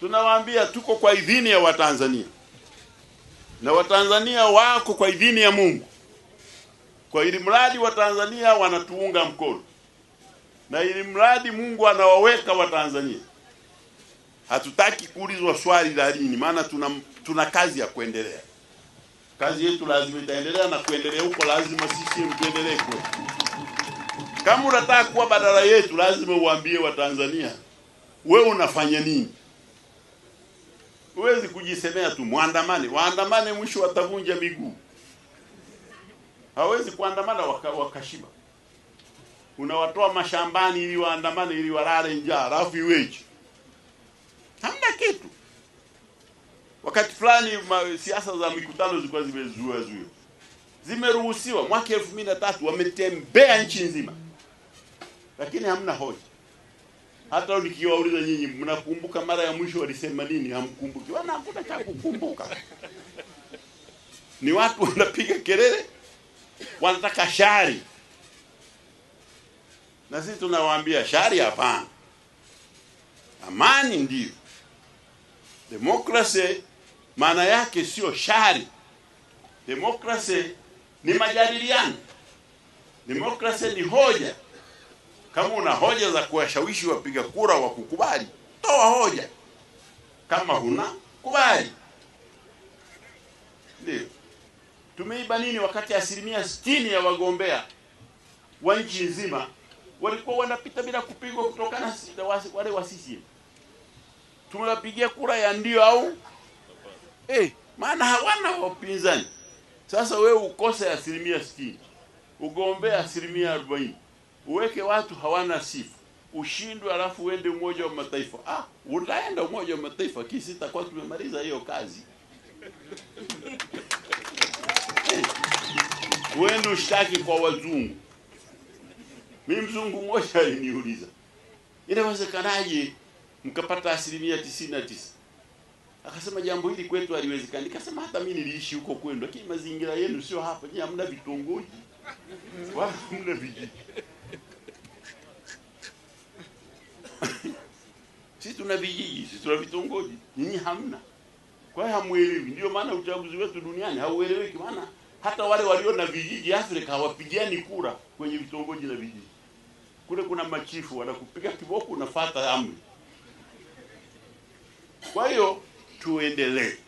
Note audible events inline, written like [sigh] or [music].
Tunawaambia tuko kwa idhini ya Watanzania na Watanzania wako kwa idhini ya Mungu, kwa ili mradi Watanzania wanatuunga mkono na ili mradi Mungu anawaweka Watanzania. Hatutaki kuulizwa swali la dini, maana tuna, tuna kazi ya kuendelea. Kazi yetu lazima itaendelea na kuendelea huko lazima sisi tuendelee kwa. Kama unataka kuwa badala yetu, lazima uambie Watanzania wewe unafanya nini. Huwezi kujisemea tu mwandamane, waandamane, mwisho watavunja miguu. Hawezi kuandamana waka, wakashiba. Unawatoa mashambani ili waandamane, ili walale njaa, alafu iweje? Hamna kitu. Wakati fulani siasa za mikutano zilikuwa zimezua zuio, zimeruhusiwa mwaka elfu mbili na tatu, wametembea nchi nzima, lakini hamna hoja. Hata nikiwauliza nyinyi, mnakumbuka mara ya mwisho walisema nini? Hamkumbuki, wana hakuna cha kukumbuka. Ni watu wanapiga kelele, wanataka shari, na sisi tunawaambia shari hapana, amani ndiyo. Demokrasia maana yake sio shari. Demokrasia ni majadiliano, demokrasia ni hoja kama una hoja za kuwashawishi wapiga kura wa kukubali, toa hoja. Kama huna kubali. Ndio tumeiba nini, wakati asilimia sitini ya wagombea wa nchi nzima walikuwa wanapita bila kupigwa kutokana na wale wa CCM. Tumewapigia kura ya ndio au eh, maana hawana wapinzani. Sasa wewe ukose asilimia sitini ugombea asilimia arobaini uweke watu hawana sifa ushindwe, alafu uende Umoja wa Mataifa. Ah, unaenda Umoja wa Mataifa kisi takuwa tumemaliza hiyo kazi hey, [laughs] uende ushtaki kwa wazungu. Mi mzungu mmoja aliniuliza inawezekanaje mkapata asilimia tisini na tisa? Akasema jambo hili kwetu haliwezekani. Nikasema hata mimi niliishi huko kwenu, lakini mazingira yenu sio hapa. Nyinyi hamna vitongoji wala hamna vijiji Sisi tuna vijiji, sisi tuna vitongoji, nyinyi hamna. Kwa hiyo hamuelewi. Ndio maana uchaguzi wetu duniani haueleweki, maana hata wale walio na vijiji Afrika hawapigiani kura kwenye vitongoji na vijiji. Kule kuna machifu wanakupiga kiboko, unafuata amri. Kwa hiyo tuendelee.